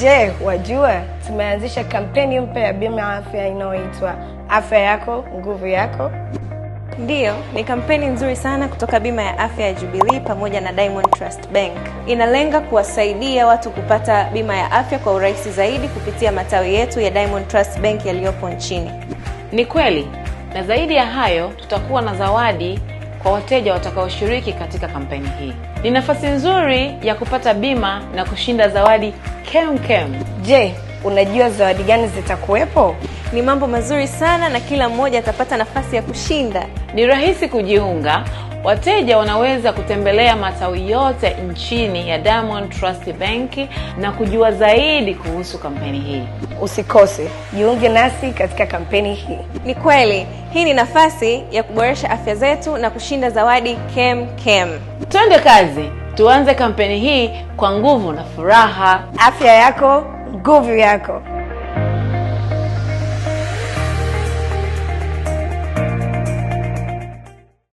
Je, wajua tumeanzisha kampeni mpya ya bima ya afya inayoitwa afya yako nguvu yako? Ndiyo, ni kampeni nzuri sana kutoka bima ya afya ya Jubilee pamoja na Diamond Trust Bank. Inalenga kuwasaidia watu kupata bima ya afya kwa urahisi zaidi kupitia matawi yetu ya Diamond Trust Bank yaliyopo nchini. Ni kweli, na zaidi ya hayo tutakuwa na zawadi kwa wateja watakaoshiriki katika kampeni hii. Ni nafasi nzuri ya kupata bima na kushinda zawadi kemkem. Je, unajua zawadi gani zitakuwepo? Ni mambo mazuri sana na kila mmoja atapata nafasi ya kushinda. Ni rahisi kujiunga. Wateja wanaweza kutembelea matawi yote nchini ya Diamond Trust Bank na kujua zaidi kuhusu kampeni hii. Usikose, jiunge nasi katika kampeni hii. Ni kweli hii ni nafasi ya kuboresha afya zetu na kushinda zawadi kem kem. Twende kazi, tuanze kampeni hii kwa nguvu na furaha. Afya yako, nguvu yako.